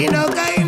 y no caí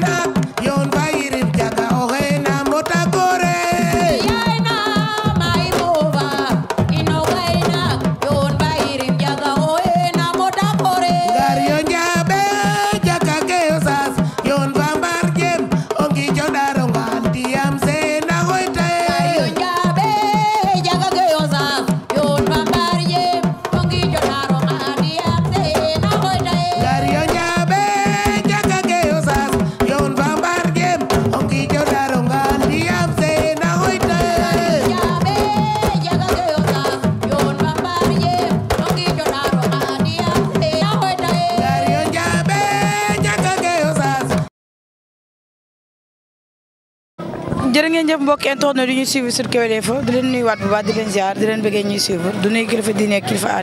jërëjëf mbokk internet di ñu suivre sur Kewel Info di leen nuyuwaat bu baax di leen di leen bëggee ñuy ak kilifa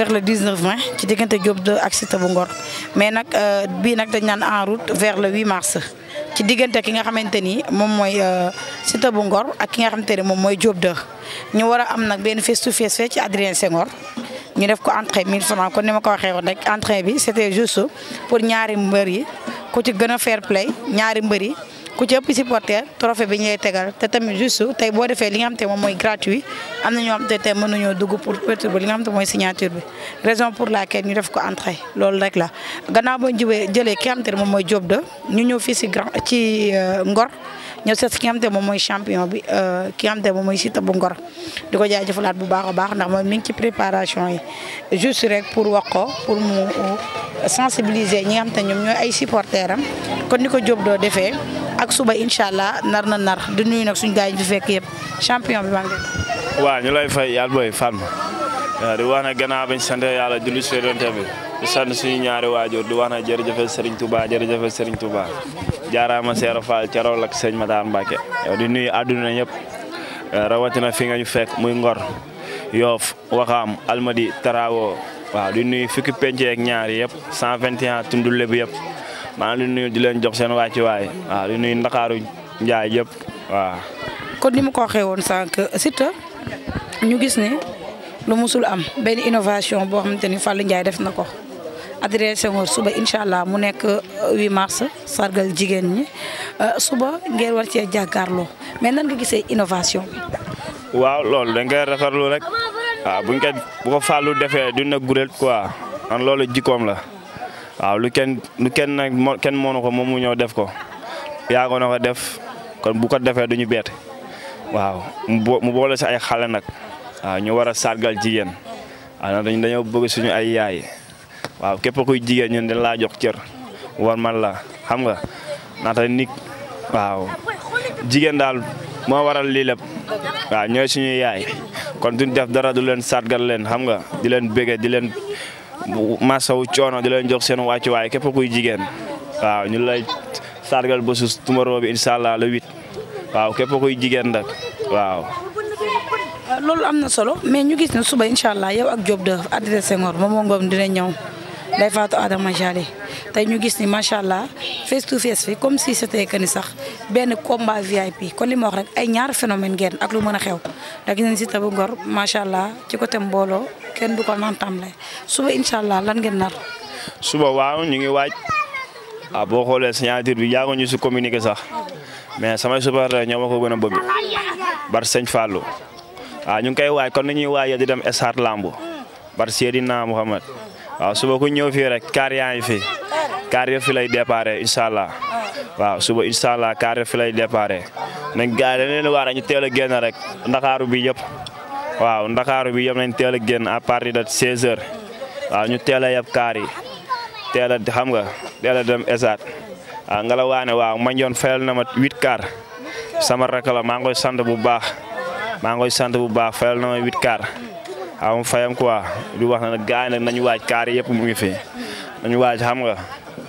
bu euh, ci diggante Diop 2 ak Cité bu Ngor mais nag euh, bii nag dañ naan en route vers le 8 mars ci diggante ki nga xamante ni moom mooy Cité euh, bu Ngor ak ki nga xamante ni moom mooy Diop 2 ñu war a am nag benn face to face fee ci Adrien Senghor ñu def ko entrée 1000 francs kon ni ma ko waxee woon rek entrée bi c'était juste pour ñaari mbër yi ku ci gën a fair play ñaari mbër yi ku ci ëpp supporter trophée bi ñuy tegal te tamit juste tey boo defee li nga te moom mooy gratuit am na ñoo xam te tey mënuñoo dugg pour perturber li nga xam te mooy signature bi raison pour la laquelle ñu def ko entrée loolu rek la gannaaw boo jubee jëlee ki nga te moom mooy job do ñu ñëw fii si grand ci euh, Ngor ñoo seet ki nga te moom mooy champion bi euh, ki nga xam mooy Siteu bu Ngor di ko jaajëfalaat bu baax a baax ndax moom mi ngi ci préparation yi juste rek pour wax ko pour mu euh, sensibiliser ñi nga ñoom ñooy ay supporter am kon ni ko job doo defee suba incha allah nar na nar di nuyu nag suñ gars yi ñu fi fekk yëpp champion bi maa ngi waaw ñu lay fay yàlla booy Fatma waaw di wax ne gannaaw bañ sant yàlla julli si Yonent bi di sant suñu ñaari waajur di wax ne jërëjëf Serigne Touba jërëjëf Serigne Touba jaaraama Seera Fall Carol ak sëñ Matar Mbacke yow di nuyu àdduna ñëpp rawatina fi nga ñu fekk muy Ngor Yoff Waxaam Almadi Tarawo waaw di nuyu fukki penc ak sant yëpp 121 tundul lébu yëpp maa ngi nuyu di leen jox seen wàccuwaay waaw di nuyu ndaxaaru Njaay yëpp waaw. kon ni ma ko waxee woon sànq Siteu ñu gis ni lu musul am benn inovation boo xamante ni Fallou Ndiaye def na ko. adressé woon suba incha allah mu nekk 8 euh, mars sargal jigéen ñi euh, suba ngeen war cee jàkkaarloo mais nan nga gisee inovation waaw loolu dañ koy rafetlu rek waaw buñ ko bu ko defee du na gurel quoi man loolu jikkoom la. waaw lu kenn lu kenn nag kenn mënu ko moom mu ñëw def ko yaago na ko def kon bu ko defee ñu bet waaw mu boole si ay xale nag waaw ñu war a sargal jigéen waaw dañu dañoo bëgg suñu ay yaay waaw képp kuy jigéen ñun dañ laa jox cër war man la xam nga naata nit waaw jigéen daal moo waral lii lépp waaw ñooy suñu yaay kon duñ def dara du leen sargal leen xam nga di leen bége di leen masaw coono di leen jox seen wàccuwaay képp kuy jigéen waaw ñu lay sargal bésu tumaroo bi incha allah le huit waaw képp kuy jigéen dak waaw. Euh, loolu am na solo mais ñu gis ne suba incha allah yow ak Diop de adressé Ngor moom dina ñëw day faatu Adama Jali tey ñu gis ni macha allah face to face fi comme si c'était que sax benn combat VIP kon li ma wax rek ay ñaar phénomène ngeen ak lu mën a xew da gis nañ si tabu ngor macha allah ci côté mbooloo kenn du ko nantamle suba incha allah lan ngeen nar. suba waaw ñu ngi waaj ah boo xoolee signature bi yaago ñu si communiqué sax mais samay supporters ñoo ma ko gën a bëgg bar sëñ Fallou waaw ah, ñu ngi koy waaj kon ñuy waajee di dem stade lamb bar Seydina Mouhamed waaw ah, suba ku ñëw fii rek kaar kaar yëpp fi lay déparé incha waaw suba incha allah kaar yëpp fi lay déparé nañ gars yi ñu teel a génn rek ndakaaru bi yëpp waaw ndakaaru bi yëpp nañ teel a génn à partir de 16h waaw ñu teel a yëpp kaar yi teel xam nga teel a dem esaat waaw nga la waaw man yoon na mat huit kaar sama rakk la maa ngi koy bu baax maa ngi koy sant bu baax fayal na ma huit kaar waaw mu fayam quoi du wax na nag nañu waaj kaar yëpp mu ngi fi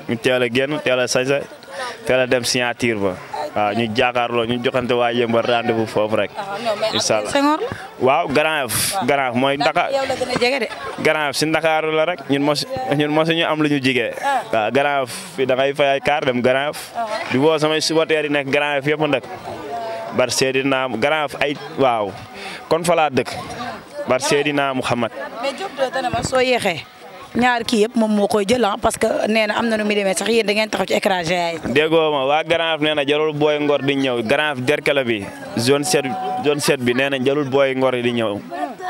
ñu teel a génn teel a sañse teel a dem signature ba waaw ñu jàkkaarloo ñu joxante waa yëmba rendez-vous foofu rek. Ah, incha waaw Grand Yoff. mooy Dakar Grand si Ndakaaru la rek ñun mos ñun ñu am lu ñu jigee ah. waaw fi da fay ay kaar dem Grand Yoff. Ah. di woo samay supporters yi nekk Grand Yoff yëpp nag. bar Seydina Grand Yoff ay soo yéexee. ñaar kii yëpp moom moo koy jël ah, parce que nee am na nu muy demee sax yéen da ngeen taxaw ci écran géant yi. waa Grand Yoff nee na booy ngor di ñëw Grand Yoff derkala bi zone 7 bi neena na jarul booy ngor di ñëw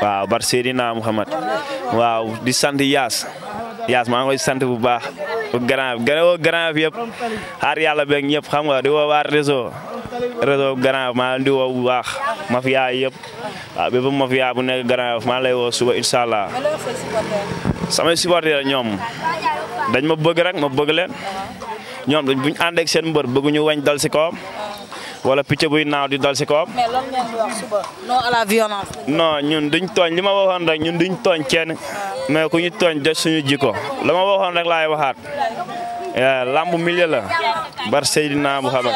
waaw bar Seydina Muhammad waaw di sant Yaas Yaas maa ngi sant bu baax Grand Yoff Grand Yoff yëpp xaar yàlla beeg ñëpp xam nga di woo waa réseau Grand Yoff maa di woo bu baax mafia yëpp waaw bépp lay woo suba incha samay supporter ñoom dañ ma bëgg rek ma bëgg leen ñoom dañ buñ ànd ak seen mbër bëgguñu wañ dal si kawam wala picc buy naaw di dal si kawam. mais lan ngeen di wax suba non à ñun duñ tooñ li ma waxoon rek ñun duñ tooñ kenn mais ku ñu tooñ des suñu jiko la ma waxoon rek laay waxaat. Eh, lamb milieu la bar Seydina Muhammad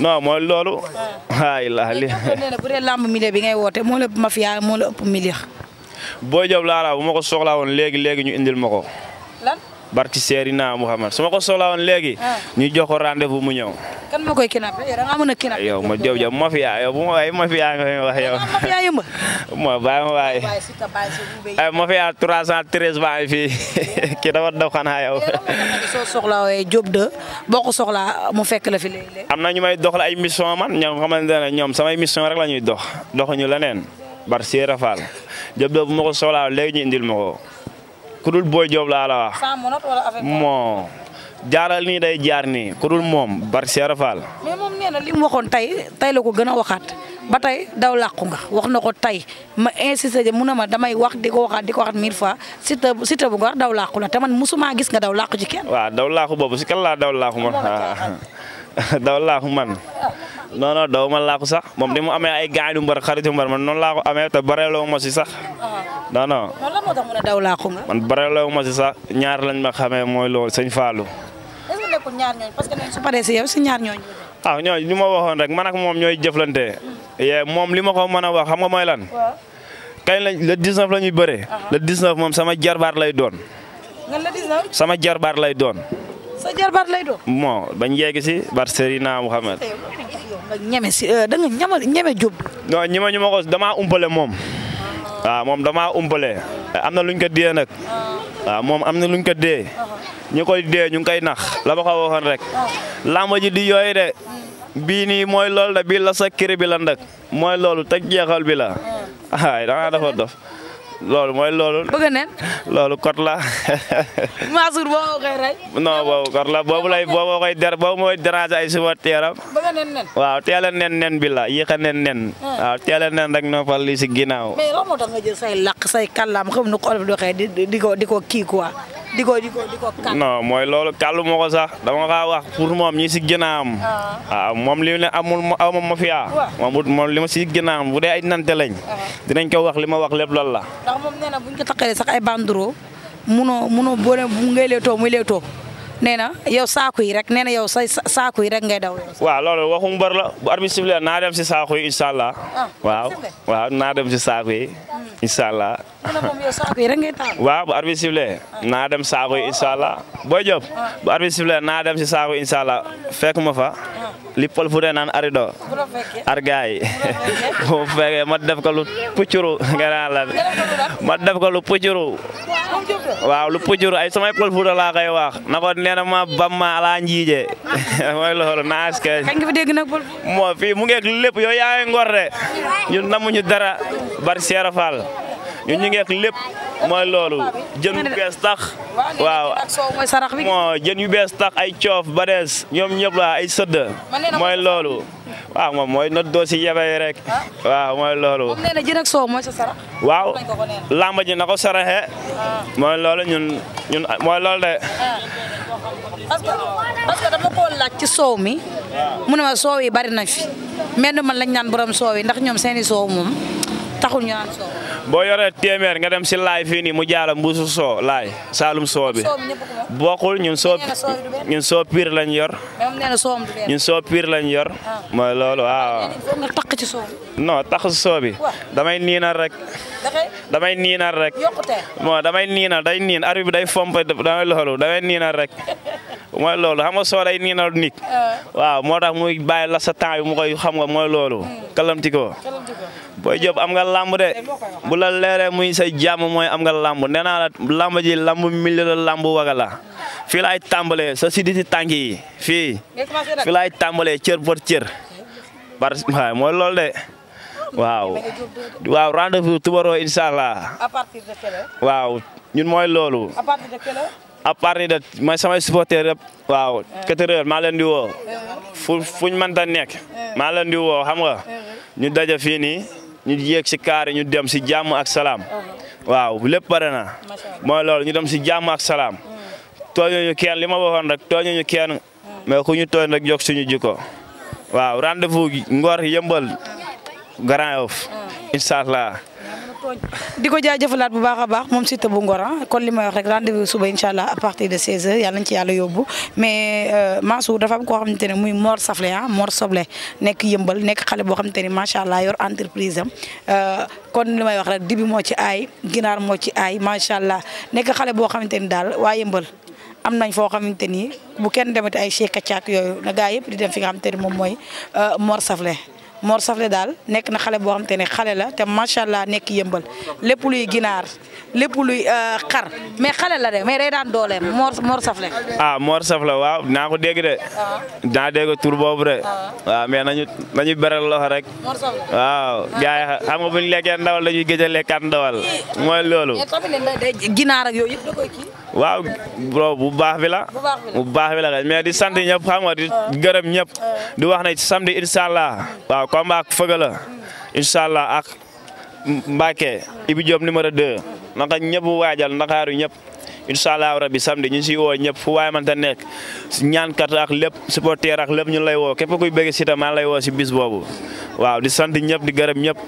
non mooy loolu. waaw illah li. lamb milieu bi ngay woote moo la ëpp mafia moo la ëpp milieu. Boy Diop Lara bu ma ko soxlaa woon léegi léegi ñu indil ma ko. lan barki Seydina Muhammad su ma ko soxlaa woon léegi. Ah. ñu jox ko rendez mu ñëw. kan ma koy kidnappé yow da ngaa mën a kidnappé. yow ma Diop Diop mafia yow bu ma waaye mafia ma bàyyi ma waaye. ay mafia baa ngi fii kii dafa daw xanaa yow. boo ko soxlaa mu fekk la fi léeg-léeg. am na ñu may dox la ay mission man ñoom xamante ne ñoom samay mission rek la ñuy dox doxuñu leneen. bar Sera Fall Diop Diop bu ma ko soxlaa léegi ñu indil ma ko ku dul Boy Diop laa moo jaaral nii day jaar nii ku dul moom bar Sera Fall. moom nee na li mu waxoon tey tey la ko gën a waxaat ba tey daw làqu nga wax na ko tey ma insisté mu ne ma damay wax di ko waxaat di ko waxaat mille fois Siteu Siteu bu Ngor daw làqu la te man musuma gis nga daw làqu ci kenn. waaw daw làqu boobu si kan laa daw làqu man daw man. Ah. non non daw ma laa ko sax moom ni mu amee ay gaañu mbar xaritu mbar man noonu laa ko amee te bareeloo ma si sax. Uh-huh. non man lan moo tax mu ne daw laa ko nga. man bareeloo ma si sax ñaar lañ ma xamee mooy loolu sëñ Fallou. est-ce que nekkul ñaar ñooñu ah ñooñu li ma waxoon rek man moom ñooy jëflante. Mm. yee moom li ma ko mën wax xam nga mooy lan. la lañ le 19 la ñuy bëree. Uh-huh. le 19 moom sama jarbaar lay doon. sama jarbaar lay doon. sa jarbaar lay doon. bon bañ yegg bar Serigne Mohamed. nga ñeme si euh, da nga ñamal ñeme Diop. non ñi ma ñu ma umpale moom. Ah. waaw moom dama umpale. am na luñ ko dee nag. Ah. moom am na luñ ko dee. Ah. ñu koy dee ñu ngi koy nax la ma ko waxoon rek. làmb ji di yooyu de. Hmm. bii nii mooy loolu de bii la sa kiri bi la ndak mooy loolu teg jeexal bi la. ay da loolu mooy loolu. bëgg loolu kot la. Mansour boobu la boobu lay boobu koy der mooy déranger ay suma teeram. bëgg waaw teel nen nen bi la yéex a nen nen. Ah. waaw teel nen rek noo fal li si ginnaaw. say làq say kàllaam di ko di di ko mooy loolu kàllu sax dama kaa wax pour moom ñi si ginnaawam. waaw ah. ah, moom limu ne amul ma aw moom ma fi moom li ma si ginnaawam bu dee ay nante lañ. dinañ ko wax li ma wax lépp loolu la. ndax moom nee na bu ñu ko sax ay mu munoo munoo boo ne bu ngay leetoo muy leetoo nee na yow saako yi rek nee na yow say saako yi rek ngay daw. waaw loolu waxu mbër la bu arbitre sifflé naa dem si saako yi waaw waaw naa dem si saako yi. incha allah. Ah, hmm. moom yow waaw bu arbitre sifflé ah. naa saako yi incha allah. booy Diop ah. bu naa dem si saako yi incha fekk ma fa. li pol fu dee naan arido argaay bu ma def ko lu puccuru nga naan ma def ko lu puccuru waaw lu puccuru ay samay pol fu dee laa koy na ko nee na ma bam ma ala njiije mooy loolu naas kay kañ fi mu ngeeg lépp yoo yaa ngi ngor de ñun namuñu dara bari seera fall ñun ñu ngeeg lépp mooy loolu jën yu bees waaw moo jën yu bees tax ay coof barees ñoom ñëpp ay sëdd mooy loolu waaw ah, moom mooy not doo si yebey rek ah. waaw mooy loolu waaw làmb ji na ko saraxe ah. mooy loolu ñun mooy loolu de parce que ci soow mi mu ne ma yi bari na fi mel man lañ ñaan borom soow yi ndax ñoom seeni soow moom taxul ñu naan boo yoree téeméer nga dem si laay fii mu jaala mbuusu soo laay saalum soo bi bokkul ñun soo ñun piir lañ yor ñun soo piir lañ yor ah. mooy loolu waaw non tax si soo bi damay niinal rek damay niinal rek bon damay niinal day niin ar bi day fomp damay rek mooy loolu xam nga soo day niinal nit ah. waaw moo tax muy bàyyi la sa temps mu koy xam nga mooy loolu hmm. kalamti ko Boy Diop am nga làmb de bu la leeree muy sa jàmm mooy am nga làmb nee naa la làmb ji làmb milieu la làmb waga la ay laay tàmbalee sa si di si tànk yi fii fii laay tàmbalee cër pour cër par mooy loolu de waaw waaw rendez-vous tubaroo allah waaw ñun mooy loolu à partir de mooy samay supporter waaw euh. quatre maa leen di woo euh. fu fuñ mën ta nekk euh. maa leen di woo xam nga ñu daje fii ñu yéeg ci kaar ñu dem si jàmm ak salaam uh-huh. waaw lépp pare na mooy loolu ñu dem si jàmm ak salaam mm. tooñuñu kenn li ma waxoon rek tooñuñu kenn mm. mais ku ñu tooñ rek jog suñu jiko waaw rendez-vous Ngor yëmbal Grand Yoff mm. incha di ko jaajëfalaat bu baax a baax moom Siteu bu Ngor ah. kon li may wax rek rendez-vous suba incha allah à partir de 16h yàlla nañ ci yàlla yóbbu mais euh, Mansour dafa am koo xamante ne muy moor Safle ah Mor Soble nekk yëmbal nekk xale boo xamante ne macha allah yor entreprise am euh, kon li may wax rek dibi moo ci aay ginaar moo ci aay macha allah nekk xale boo xamante ni daal waa yëmbal. am nañ foo xamante ni bu kenn demati ay chekkacaak yooyu na gaa yëpp di dem fi nga xamante ni moom mooy euh, Mor Safle Mor Safle daal nekk na xale boo xam te ne xale la te macha allah nekk yëmbal lépp luy ginaar lépp luy euh, xar mais xale la de mais day daan doole Mor Mor Safle. ah Mor Safle waaw naa ko dégg de. Ah. naa dégg tur boobu de. Ah. waaw mais nañu nañu loxo rek. Mor Safle waaw gars yi xam nga bu ñu lekkee ndawal dañuy gëj a lekkaat ndawal mooy loolu. mais tamit day ginaar ak yooyu waaw bu baax bi la. bu baax bi la mais di sant ñëpp xam nga di ah. gërëm ñëpp. Ah. di wax ne samedi incha allah. waaw combat ak Feugueu la. Hmm. incha allah ak Mbacke Ibi Diop numéro 2. naka ñëpp waajal Ndakaaru ñëpp. incha allah rabi samedi ñu siy woo ñëpp fu waay mënta nekk ñaankat ak lépp supporter ak lépp ñu lay woo képp kuy bëgg Siteu maa lay woo si bis boobu. waaw di sant ñëpp di garab ñëpp.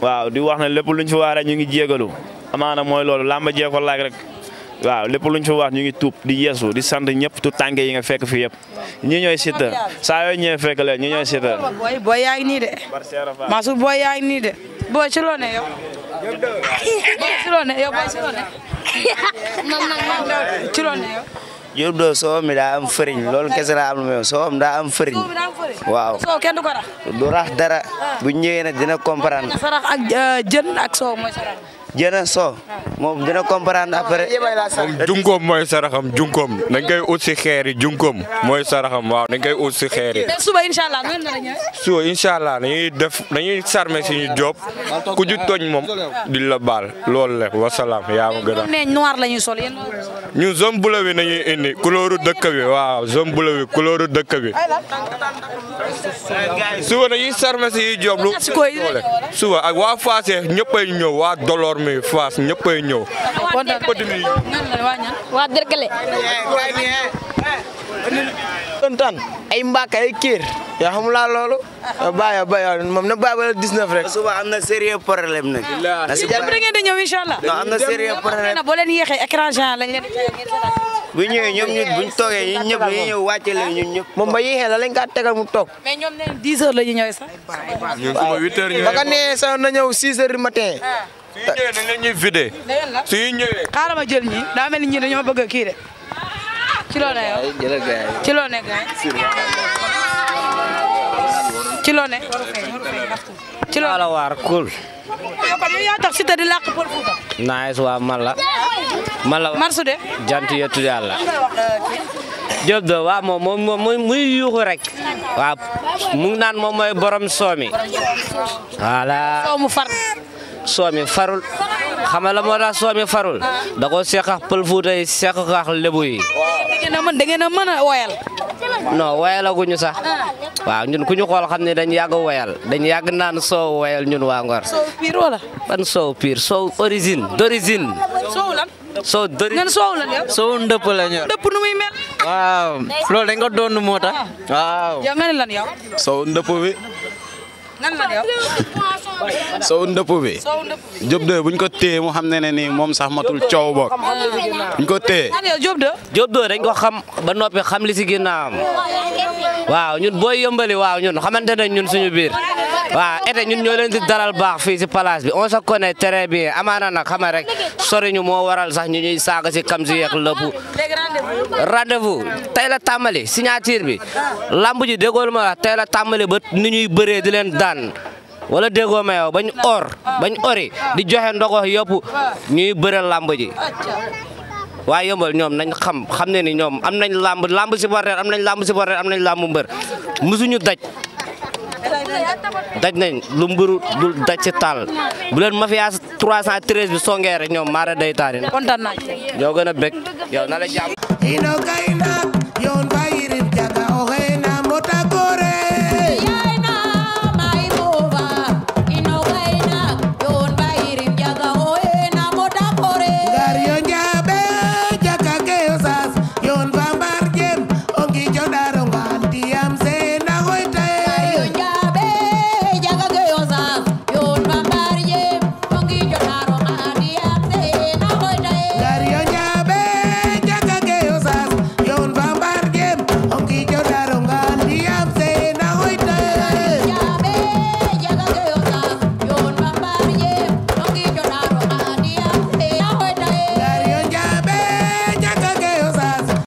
waaw di wax na lépp luñ fi waaree ñu ngi jégalu. amaana mooy loolu làmb jee ko rek. waaw lépp luñ fi wax ñu ngi tuub di yeesu di sant ñëpp tu tànke yi nga fekk fi yëpp ñi ñooy Siteu saa yoo ñëwee fekk leen ñi ñooy Siteu. booy booy yaa ngi nii de. Mansour booy yaa ngi nii de. booy si loo ne yow. booy si loo ne yow booy si loo ne. moom nag moom ci ne yow. Diop daa am fëriñ loolu kese waaw soo kenn du ko rax. du rax dara. Ah. bu ñëwee dina comprendre. sarax ak euh, jën ak soo mooy jëna so moom dina comprendre après. moom junkoom mooy saraxam junkoom dañ koy ut si xeer yi junkoom mooy saraxam waaw dañ koy ut si xeer yi. suba incha allah noonu la ñëw. suba def dañuy sarme si ñu job ku tooñ moom di baal loolu la wasalaam yaa ma gën a. ñun noir la sol yéen ñun zone bleue bi indi couleur dëkk bi waaw zone bleue bi couleur dëkk bi. suba dañuy sarme si job lu suba ak waa Fass ñëppay ñëw waa Dolor. Barmi Fass ñëppay ñëw. kontaan nañu waa Derklé. kontaan ay mbaaka ay kéer yaa xamulaa loolu. bàyyi bàyyi waaw moom na bàyyi wala 19 rek. suba am na sérieux problème nag. na si bàyyi ngeen di ñëw incha allah. non am na sérieux problème boo leen yéexee écran géant lañ leen ñoom ñun buñ toogee ñun ñëpp ñu ñëw wàcce leen ñun ñëpp. moom ba yéexee la lañ kaa tegal mu toog. mais ñoom nee na 10 heures la su ñu ñëwee dañ vidé. su ñu ñëwee. ma ni ñii dañoo bëgg a kii de. ci loo ne yow la waar cool. kon yow yaa di làq Pël Fuuta. nice waa man la. marsu de. jant yettu yàlla. Diop euh, de waaw moom moom muy yuuxu rek. waaw mu ngi naan moom mooy borom soomi. voilà soomu far. soomi farul xam nga la moo tax soomi farul da ko seq ak pël Fuuta yi seq ak a mën a woyal. non woyalaguñu ah. ñu xool xam ne dañ yàgg woyal dañ yàgg naan soow woyal ñun waa Ngor. soow piir wala. ban soow piir soow ndëpp la ñor. ndëpp nu doon moo tax. Ah. soow ndëpp bi. sow ndëpp bi Diop de buñ ko téye mu xam ne ne nii moom sax matul coow boog buñ ko téye. Diop de dañ ko xam ba noppi xam li si ginnaawam waaw ñun booy yëmbali waaw ñun xamante nañ ñun suñu biir waaw été ñun ñoo leen di dalal baax fii si place bi on se connaît très bien amaana nag xam rek sori ñu moo waral sax ñu ñuy saaga si kam si yeeg lëpp rendez-vous tey la bi lamb ji déggoo ma tey la ba ni ñuy daan wala déggoo ma bañ or bañ ori di joxe ndogox yëpp ñuy bëre làmb ji waaye ñoom nañ xam xam ne ni ñoom am nañ làmb làmb supporter am nañ làmb supporter am nañ làmb mbër musuñu daj daj nañ lu mburu dul daj ci taal bu leen mafia 313 bi songee rek ñoom maara day taani kontaan naa yow gën a bég yow na